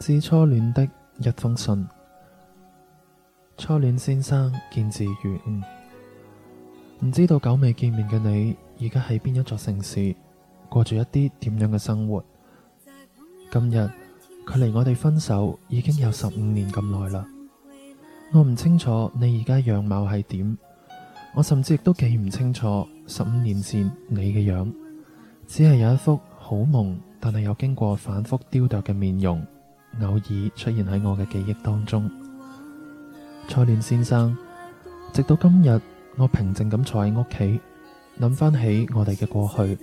致初戀的一封信。初戀先生，見字如晤，唔知道久未見面嘅你，而家喺邊一座城市過住一啲點樣嘅生活？今日距離我哋分手已經有十五年咁耐啦。我唔清楚你而家樣貌係點，我甚至亦都記唔清楚十五年前你嘅樣，只係有一幅好朦，但係又經過反覆雕琢嘅面容。偶爾出現喺我嘅記憶當中，初戀先生。直到今日，我平靜咁坐喺屋企，諗翻起我哋嘅過去，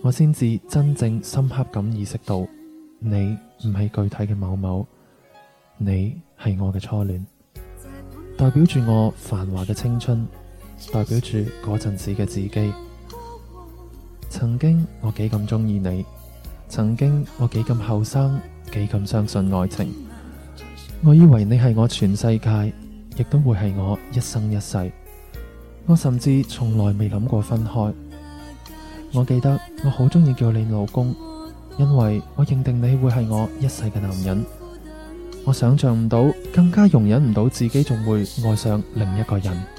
我先至真正深刻咁意識到，你唔係具體嘅某某，你係我嘅初戀，代表住我繁華嘅青春，代表住嗰陣時嘅自己。曾經我幾咁鍾意你，曾經我幾咁後生。幾咁相信愛情，我以為你係我全世界，亦都會係我一生一世。我甚至從來未諗過分開。我記得我好鍾意叫你老公，因為我認定你會係我一世嘅男人。我想象唔到，更加容忍唔到自己仲會愛上另一個人。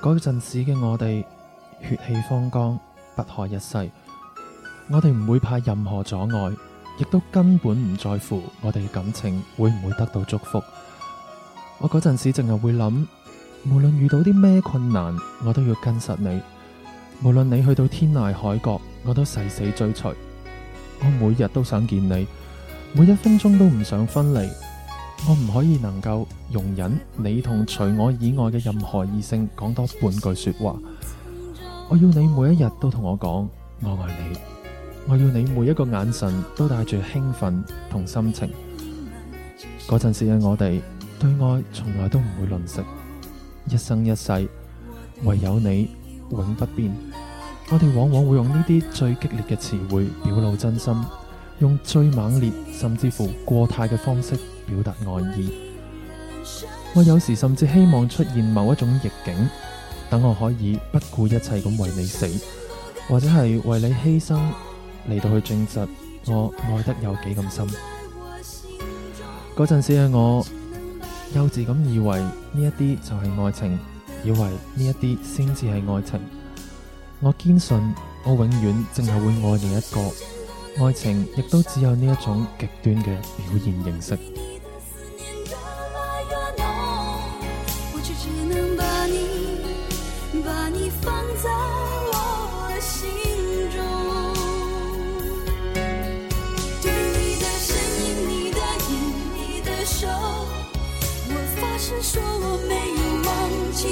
嗰陣時嘅我哋血氣方剛，不可一世。我哋唔會怕任何阻礙，亦都根本唔在乎我哋嘅感情會唔會得到祝福。我嗰陣時淨係會諗，無論遇到啲咩困難，我都要跟實你。無論你去到天涯海角，我都誓死追隨。我每日都想見你，每一分鐘都唔想分離。我唔可以能夠容忍你同除我以外嘅任何異性講多半句說話。我要你每一日都同我講我愛你。我要你每一個眼神都帶住興奮同深情。嗰陣時嘅我哋對愛從來都唔會吝嗇，一生一世唯有你永不變。我哋往往會用呢啲最激烈嘅詞彙表露真心，用最猛烈甚至乎過態嘅方式。表達愛意，我有時甚至希望出現某一種逆境，等我可以不顧一切咁為你死，或者係為你犧牲嚟到去證實我愛得有幾咁深。嗰陣時嘅我，幼稚咁以為呢一啲就係愛情，以為呢一啲先至係愛情。我堅信我永遠淨係會愛你一個，愛情亦都只有呢一種極端嘅表現形式。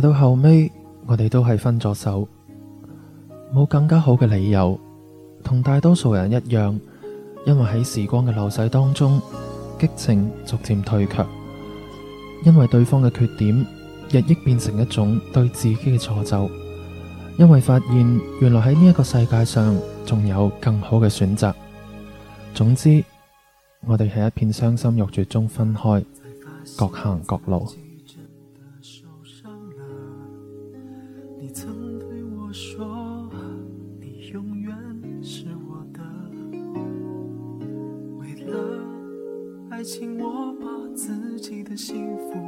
但到後尾，我哋都係分咗手，冇更加好嘅理由。同大多數人一樣，因為喺時光嘅流逝當中，激情逐漸退卻；因為對方嘅缺點日益變成一種對自己嘅錯咒；因為發現原來喺呢一個世界上仲有更好嘅選擇。總之，我哋喺一片傷心欲絕中分開，各行各路。永遠是我的。為了愛情，我把自己的幸福。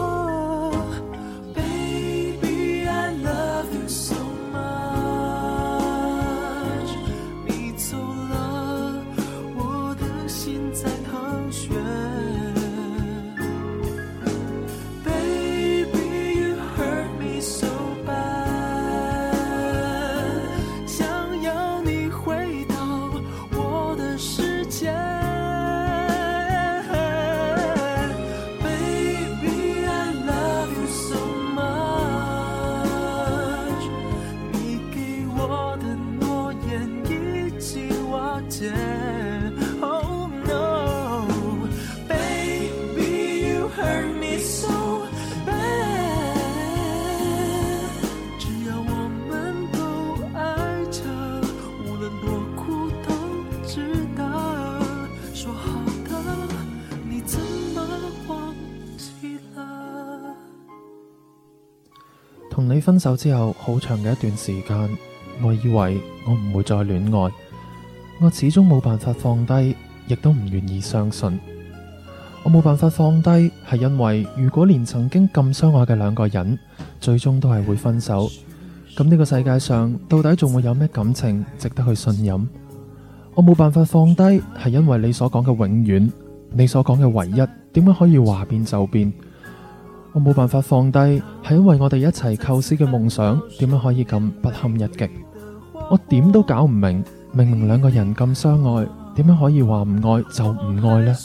同你分手之後，好長嘅一段時間，我以為我唔會再戀愛。我始終冇辦法放低，亦都唔願意相信。我冇辦法放低，係因為如果連曾經咁相愛嘅兩個人，最終都係會分手，咁呢個世界上到底仲會有咩感情值得去信任？我冇辦法放低，係因為你所講嘅永遠，你所講嘅唯一，點解可以話變就變？我冇辦法放低，係因為我哋一齊構思嘅夢想，點樣可以咁不堪一擊？我點都搞唔明，明明兩個人咁相愛，點樣可以話唔愛就唔愛呢？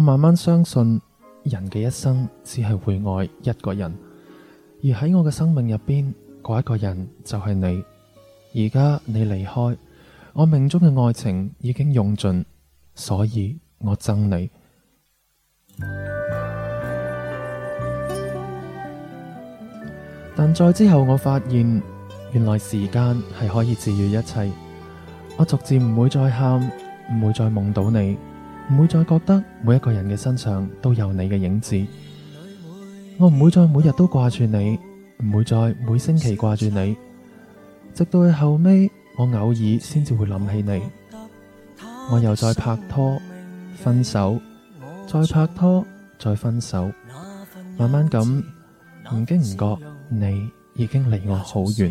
我慢慢相信，人嘅一生只係會愛一個人，而喺我嘅生命入邊，嗰一個人就係你。而家你離開，我命中嘅愛情已經用盡，所以我憎你。但再之後，我發現原來時間係可以治愈一切。我逐漸唔會再喊，唔會再夢到你。唔會再覺得每一個人嘅身上都有你嘅影子，我唔會再每日都掛住你，唔會再每星期掛住你，直到去後尾，我偶爾先至會諗起你。我又再拍拖分手，再拍拖再分手，慢慢咁唔經唔覺，你已經離我好遠。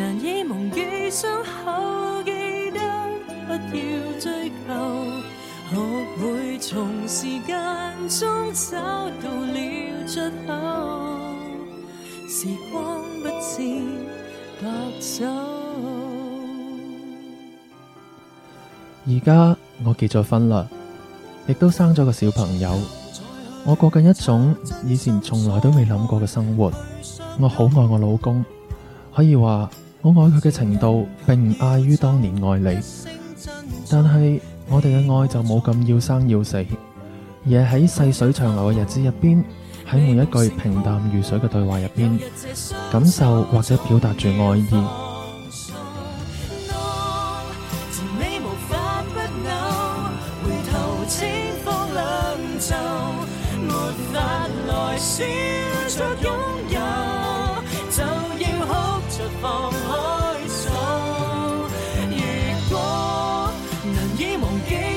難以忘記傷口，記得不要追求，學會從時間中找到了出口。時光不至白走。而家我結咗婚啦，亦都生咗個小朋友，我過緊一種以前從來都未諗過嘅生活。我好愛我老公，可以話。我愛佢嘅程度，並唔亞於當年愛你，但係我哋嘅愛就冇咁要生要死，而係喺細水長流嘅日子入邊，喺每一句平淡如水嘅對話入邊，感受或者表達住愛意。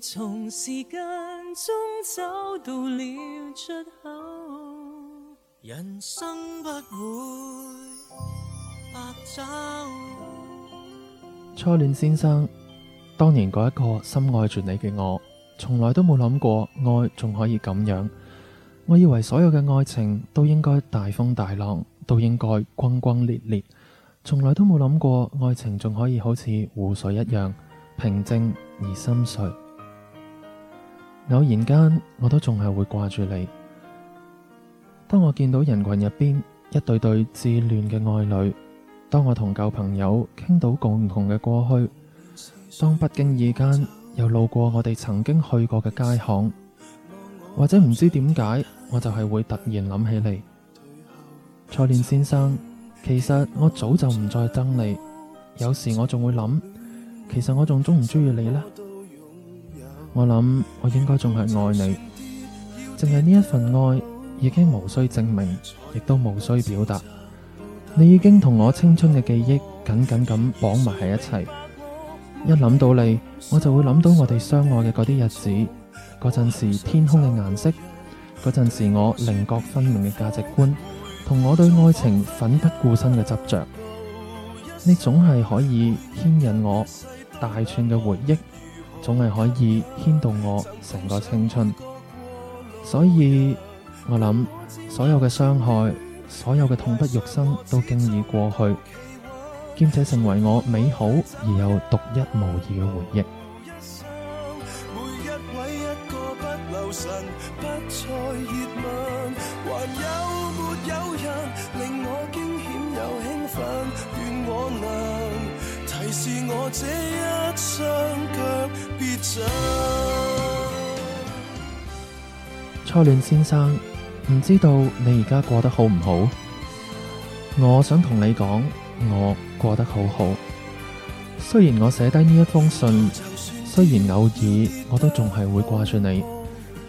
中走到了出口，人生不會白走。初戀先生，當年嗰一個深愛住你嘅我，從來都冇諗過愛仲可以咁樣。我以為所有嘅愛情都應該大風大浪，都應該轟轟烈烈，從來都冇諗過愛情仲可以好似湖水一樣平靜而深邃。偶然間，我都仲係會掛住你。當我見到人群入邊一對對自戀嘅愛侶，當我同舊朋友傾到共同嘅過去，當不經意間又路過我哋曾經去過嘅街巷，或者唔知點解，我就係會突然諗起你，初戀先生。其實我早就唔再憎你，有時我仲會諗，其實我仲中唔中意你呢？我諗我應該仲係愛你，淨係呢一份愛已經無需證明，亦都無需表達。你已經同我青春嘅記憶緊緊咁綁埋喺一齊。一諗到你，我就會諗到我哋相愛嘅嗰啲日子。嗰陣時天空嘅顏色，嗰陣時我稜角分明嘅價值觀，同我對愛情奮不顧身嘅執着，你總係可以牽引我大串嘅回憶。總係可以牽動我成個青春，所以我諗，所有嘅傷害，所有嘅痛不欲生，都經已過去，兼且成為我美好而又獨一無二嘅回憶。 初戀先生，唔知道你而家過得好唔好？我想同你講，我過得好好。雖然我寫低呢一封信，雖然偶爾我都仲係會掛住你，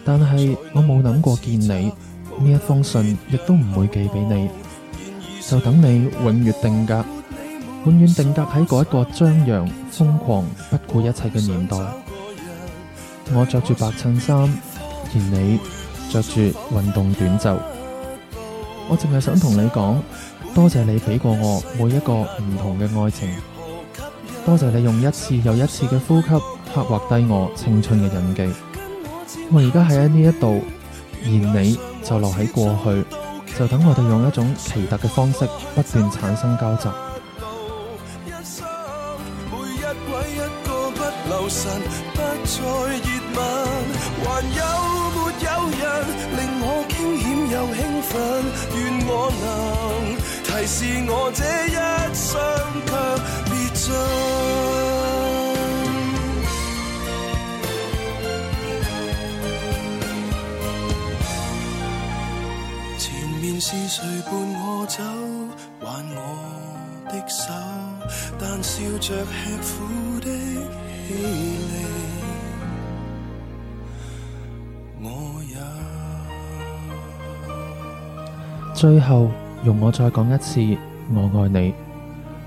但係我冇諗過見你。呢一封信亦都唔會寄俾你，就等你永遠定格。永遠定格喺嗰一個張揚、瘋狂、不顧一切嘅年代。我着住白襯衫，而你着住運動短袖。我淨係想同你講，多謝你俾過我每一個唔同嘅愛情，多謝你用一次又一次嘅呼吸刻畫低我青春嘅印記。我而家喺呢一度，而你就留喺過去，就等我哋用一種奇特嘅方式不斷產生交集。為一個不留神，不再熱吻，還有沒有人令我驚險又興奮？願我能提示我這一生卻別針。前面是誰伴我走，挽我的手？但笑着吃苦的氣力，我也最後，容我再講一次，我愛你。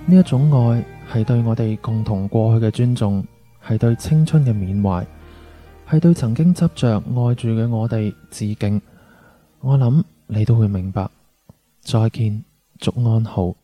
呢一種愛，係對我哋共同過去嘅尊重，係對青春嘅緬懷，係對曾經執着愛住嘅我哋致敬。我諗你都會明白。再見，祝安好。